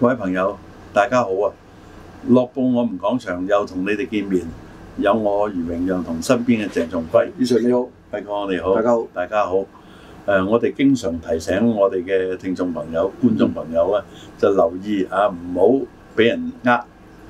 各位朋友，大家好啊！樂報我們講場又同你哋見面，有我余榮陽同身邊嘅鄭仲輝。宇翔你好，輝哥你好，大家好，大家好。誒、呃，我哋經常提醒我哋嘅聽眾朋友、觀眾朋友啊，嗯、NC 就留意啊，唔好俾人呃。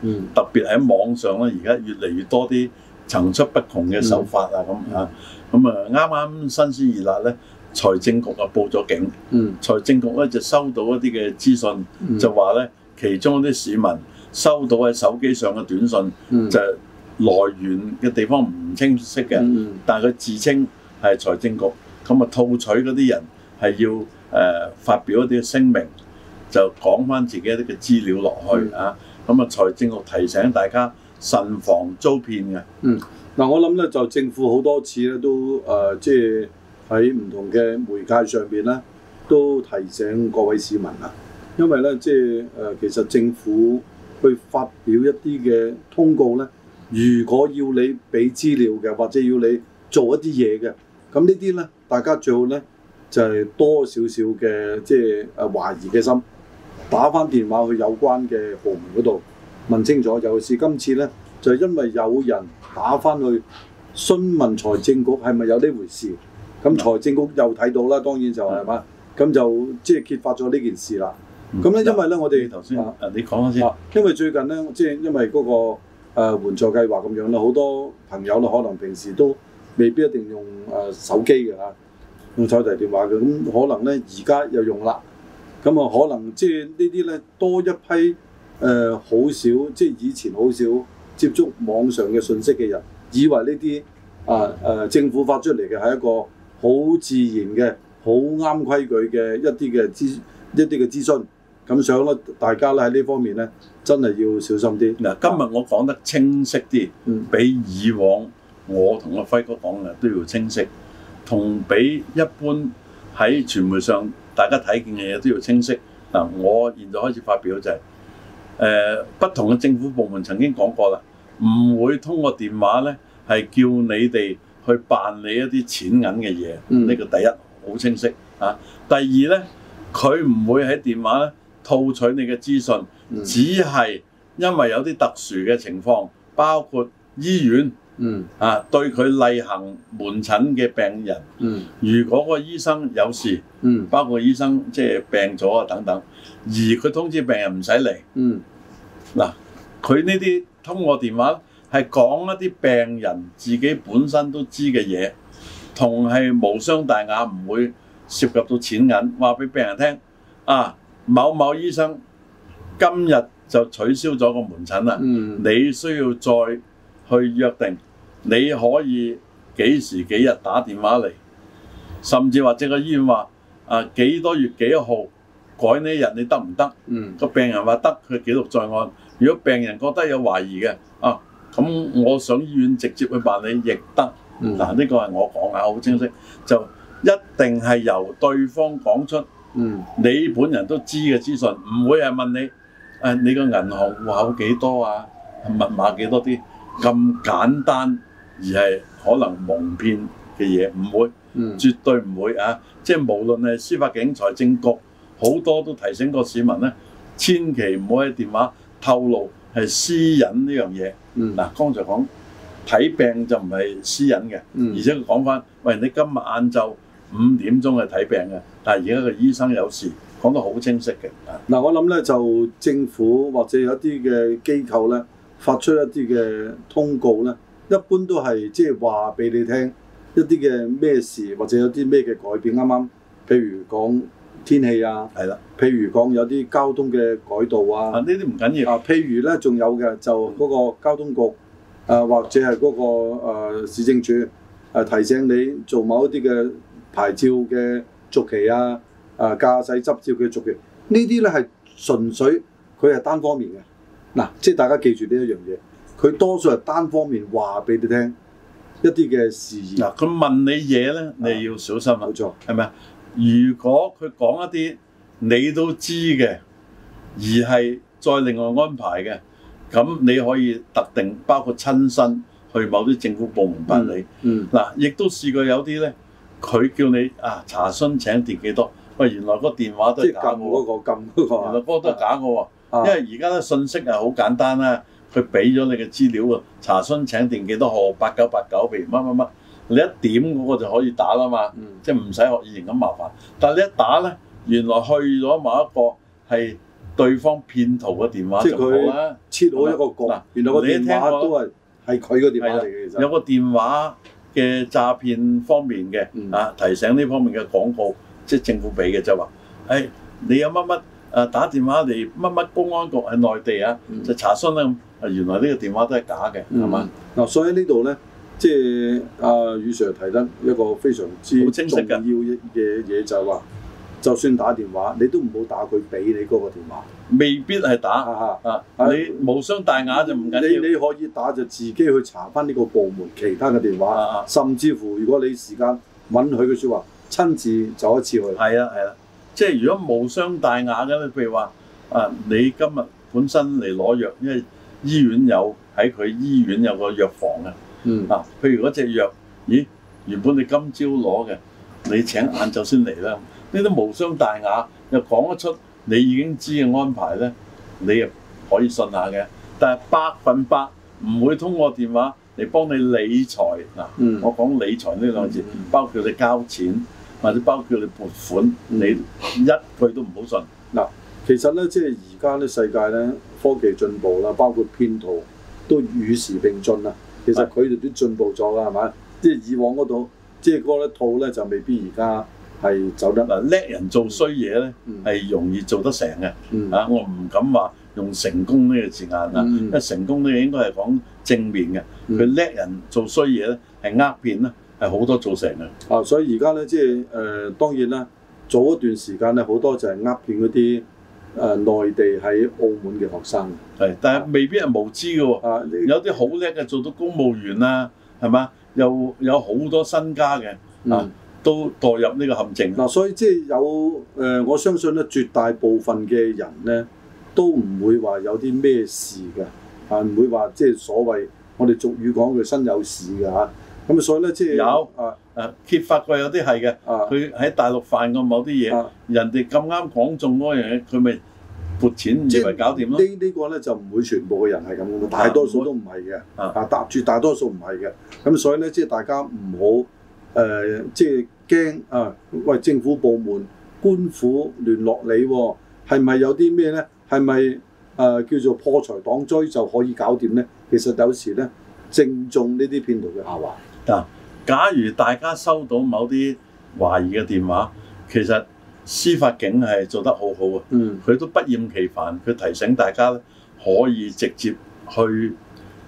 嗯。特別喺網上咧，而家越嚟越多啲層出不窮嘅手法啊，咁、嗯、啊，咁、嗯、啊，啱啱新鮮熱辣咧。財政局啊報咗警，嗯、財政局咧就收到一啲嘅資訊，嗯、就話咧其中一啲市民收到喺手機上嘅短信，嗯、就來源嘅地方唔清晰嘅，嗯、但係佢自稱係財政局，咁啊套取嗰啲人係要誒、呃、發表一啲聲明，就講翻自己一啲嘅資料落去、嗯、啊，咁啊財政局提醒大家慎防詐騙嘅。嗯，嗱我諗咧就政府好多次咧都誒、呃呃、即係。喺唔同嘅媒介上邊咧，都提醒各位市民啦、啊。因為咧，即係誒、呃，其實政府去發表一啲嘅通告咧，如果要你俾資料嘅，或者要你做一啲嘢嘅，咁呢啲咧，大家最好咧就係、是、多少少嘅即係誒懷疑嘅心，打翻電話去有關嘅部門嗰度問清楚。尤其是今次咧，就係、是、因為有人打翻去詢問財政局係咪有呢回事。咁、嗯、財政局又睇到啦，當然就係、是、嘛，咁就即係揭發咗呢件事啦。咁咧、嗯，嗯、因為咧，我哋頭先，啊，你講先，因為最近咧，即係因為嗰、那個、呃、援助計劃咁樣啦，好多朋友咧，可能平時都未必一定用誒手機嘅吓，用手提電話嘅，咁、嗯嗯、可能咧而家又用啦。咁、嗯、啊，可能即係呢啲咧多一批誒，好、呃、少即係、就是、以前好少接觸網上嘅信息嘅人，以為呢啲啊誒政府發出嚟嘅係一個。嗯好自然嘅、好啱規矩嘅一啲嘅諮一啲嘅諮詢，咁想咧，大家咧喺呢方面咧，真係要小心啲。嗱，今日我講得清晰啲，比以往我同阿輝哥講嘅都要清晰，同比一般喺傳媒上大家睇見嘅嘢都要清晰。嗱，我現在開始發表就係、是呃，不同嘅政府部門曾經講過啦，唔會通過電話咧，係叫你哋。去辦理一啲錢銀嘅嘢，呢、嗯、個第一好清晰啊。第二呢，佢唔會喺電話咧套取你嘅資訊，嗯、只係因為有啲特殊嘅情況，包括醫院、嗯、啊對佢例行門診嘅病人，嗯、如果個醫生有事，嗯、包括醫生即係病咗啊等等，而佢通知病人唔使嚟。嗱、嗯，佢呢啲通過電話。係講一啲病人自己本身都知嘅嘢，同係無傷大雅，唔會涉及到錢銀，話俾病人聽啊。某某醫生今日就取消咗個門診啦，嗯、你需要再去約定，你可以幾時幾日打電話嚟，甚至或者個醫院話啊，幾多月幾號改呢日你得唔得？嗯、個病人話得，佢記錄在案。如果病人覺得有懷疑嘅啊～咁、嗯嗯、我上醫院直接去辦理亦得。嗱，呢、這個係我講啊，好清晰，嗯、就一定係由對方講出。嗯、你本人都知嘅資訊，唔會係問你誒、啊、你個銀行戶口幾多啊、密碼幾多啲咁簡單，而係可能蒙騙嘅嘢，唔會，嗯、絕對唔會啊！即係無論係司法警、財政局，好多都提醒過市民咧，千祈唔好喺電話透露係私隱呢樣嘢。嗯，嗱，剛才講睇病就唔係私隱嘅，嗯、而且佢講翻，喂，你今日晏晝五點鐘係睇病嘅，但係而家個醫生有事，講得好清晰嘅。嗱、嗯，我諗咧就政府或者有啲嘅機構咧，發出一啲嘅通告咧，一般都係即係話俾你聽一啲嘅咩事，或者有啲咩嘅改變。啱啱，譬如講。天氣啊，係啦。譬如講有啲交通嘅改道啊，呢啲唔緊要啊。譬如咧、啊，仲有嘅就嗰個交通局啊，或者係嗰、嗰個、呃、市政署誒、啊，提醒你做某一啲嘅牌照嘅續期啊，誒、啊、駕駛執照嘅續期。呢啲咧係純粹佢係單方面嘅嗱、啊，即係大家記住呢一樣嘢，佢多數係單方面話俾你聽一啲嘅事宜嗱。佢問你嘢咧，你要小心啦，冇錯，係咪啊？如果佢講一啲你都知嘅，而係再另外安排嘅，咁你可以特定包括親身去某啲政府部門辦理。嗯，嗱、嗯，亦都試過有啲咧，佢叫你啊查詢請電幾多？喂，原來嗰個電話都係假嘅，嗰個 原來嗰都係假嘅喎。啊、因為而家啲信息係好簡單啦，佢俾咗你嘅資料喎，查詢請電幾多號？八九八九，譬如乜乜乜。你一點嗰個就可以打啦嘛，即係唔使學以前咁麻煩。但係你一打咧，原來去咗某一個係對方騙徒嘅電話，即係佢啦。設好一個局，原來我哋聽下都係係佢個電話嚟嘅。其實有個電話嘅詐騙方面嘅啊提醒呢方面嘅廣告，即係政府俾嘅就係話，誒你有乜乜啊打電話嚟乜乜公安局係內地啊，就查詢啦。原來呢個電話都係假嘅，係嘛？嗱，所以呢度咧。即係阿宇 Sir 提得一個非常之重要嘅嘢，就係話，就算打電話，你都唔好打佢俾你嗰個電話，未必係打。啊啊！你、啊啊、無傷大雅就唔緊要。你你可以打就自己去查翻呢個部門其他嘅電話。啊啊！甚至乎如果你時間允許嘅説話，親自就一次去。係啊係啊，啊！即係如果無傷大雅嘅，譬如話啊，你今日本身嚟攞藥，因為醫院有喺佢醫院有個藥房嘅。嗱，譬、嗯、如嗰隻藥，咦？原本你今朝攞嘅，你請晏晝先嚟啦。呢啲、嗯、無傷大雅，又講得出，你已經知嘅安排咧，你又可以信下嘅。但係百分百唔會通過電話嚟幫你理財嗱，嗯、我講理財呢兩字，嗯、包括你交錢或者包括你撥款，你一句都唔好信。嗱、嗯，其實咧，即係而家咧，世界咧，科技進步啦，包括騙徒都與時並進啊！其實佢哋都進步咗㗎，係嘛？即係以往嗰、就是、套，即係嗰一套咧，就未必而家係走得嘞。啊，叻人做衰嘢咧，係、嗯、容易做得成嘅。嗯、啊，我唔敢話用成功呢個字眼啦，嗯、因為成功咧應該係講正面嘅。佢叻、嗯、人做衰嘢咧，係呃騙啦，係好多做成嘅。啊，所以而家咧，即係誒，當然啦，早一段時間咧，好多就係呃騙嗰啲。誒內、呃、地喺澳門嘅學生，係，但係未必係無知嘅喎，啊、有啲好叻嘅做到公務員啦，係嘛？又有好多身家嘅，啊、嗯嗯，都墮入呢個陷阱。嗱、啊，所以即係有誒、呃，我相信咧絕大部分嘅人咧，都唔會話有啲咩事嘅，係、啊、唔會話即係所謂我哋俗語講佢身有事嘅嚇。咁啊，所以咧即係有啊。誒揭發過有啲係嘅，佢喺大陸犯過某啲嘢，啊、人哋咁啱講中嗰樣嘢，佢咪撥錢而為搞掂咯？呢呢個咧就唔會全部嘅人係咁嘅，大多數都唔係嘅，啊搭住、啊啊、大多數唔係嘅，咁所以咧即係大家唔好誒，即係驚啊！喂，政府部門官府聯絡你喎、哦，係唔係有啲咩咧？係咪誒叫做破財擋災就可以搞掂咧？其實有時咧正中呢啲騙徒嘅下話。啊。假如大家收到某啲懷疑嘅電話，其實司法警係做得好好啊，佢、嗯、都不厭其煩，佢提醒大家可以直接去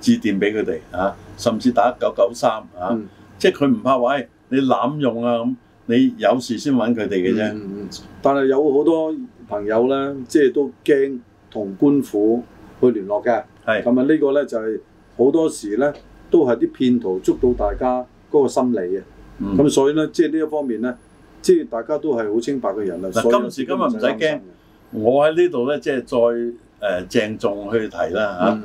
致電俾佢哋啊，甚至打九九三啊，嗯、即係佢唔怕話、哎，你濫用啊咁，你有事先揾佢哋嘅啫。但係有好多朋友呢，即係都驚同官府去聯絡嘅，係同埋呢個呢，就係、是、好多時呢，都係啲騙徒捉到大家。嗰個心理啊，咁、嗯、所以咧，即係呢一方面咧，即係大家都係好清白嘅人啊。今時今日唔使驚，我喺呢度咧，即係、嗯、再誒鄭重去提啦嚇。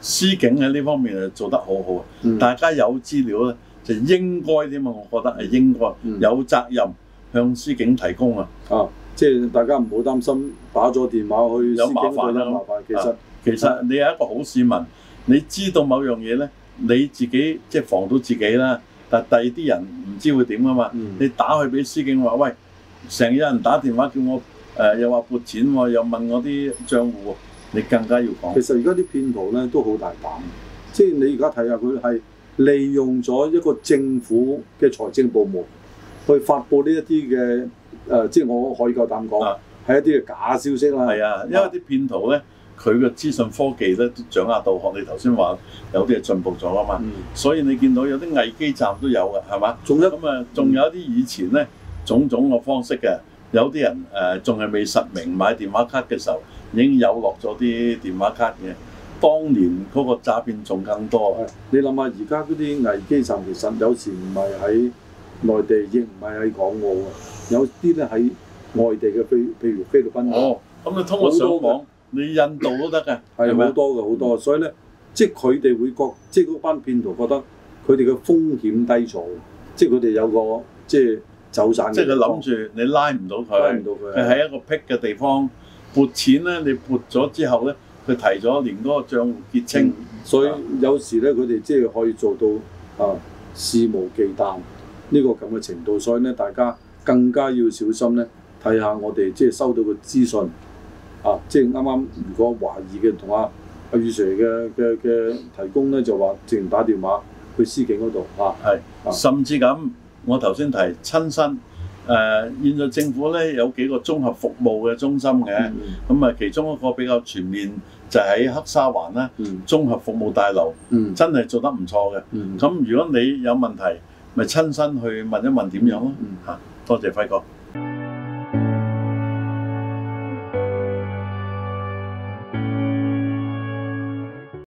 司、嗯、警喺呢方面啊做得好好，嗯、大家有資料咧就應該點啊？我覺得係應該、嗯、有責任向司警提供啊。啊，即係大家唔好擔心打咗電話去司警，有麻煩啦、啊。麻煩，其實、啊、其實你係一個好市民，你知道某樣嘢咧，你自己即係防到自己啦。但第二啲人唔知會點啊嘛，嗯、你打去俾司警話喂，成日有人打電話叫我誒、呃，又話撥錢喎，又問我啲賬戶喎，你更加要講。其實而家啲騙徒咧都好大膽，即係你而家睇下佢係利用咗一個政府嘅財政部門去發布呢一啲嘅誒，即係我可以夠膽講係、啊、一啲嘅假消息啦。係啊，係咪因為啲騙徒咧。佢個資訊科技咧都掌握到，學你頭先話有啲嘢進步咗啊嘛，嗯、所以你見到有啲偽基站都有嘅，係嘛？仲有咁啊，仲有啲以前咧種種嘅方式嘅，嗯、有啲人誒仲係未實名買電話卡嘅時候已經有落咗啲電話卡嘅。當年嗰個詐騙仲更多，你諗下而家嗰啲偽基站其實有時唔係喺內地，亦唔係喺港澳啊，有啲咧喺外地嘅，譬譬如菲律賓。哦，咁你通過上網。你印度都得嘅，係好是嗎多嘅好多，所以咧，即係佢哋會覺，即係嗰班騙徒覺得佢哋嘅風險低咗，即係佢哋有個即係走散，即係佢諗住你拉唔到佢，拉唔到佢，佢喺一個僻嘅地方的撥錢咧，你撥咗之後咧，佢提咗連嗰個帳戶結清，嗯，所以有時咧佢哋即係可以做到啊肆無忌憚呢個咁嘅程度，所以咧大家更加要小心咧，睇下我哋即係收到嘅資訊。啊，即係啱啱，如果懷疑嘅同阿阿雨 Sir 嘅嘅嘅提供咧，就話直接打電話去司警嗰度嚇。係、啊。是啊、甚至咁，我頭先提親身誒、呃，現在政府咧有幾個綜合服務嘅中心嘅，咁啊、嗯、其中一個比較全面就喺、是、黑沙環啦，綜、嗯、合服務大樓，嗯、真係做得唔錯嘅。咁如果你有問題，咪親身去問一問點樣咯嚇。多謝輝哥。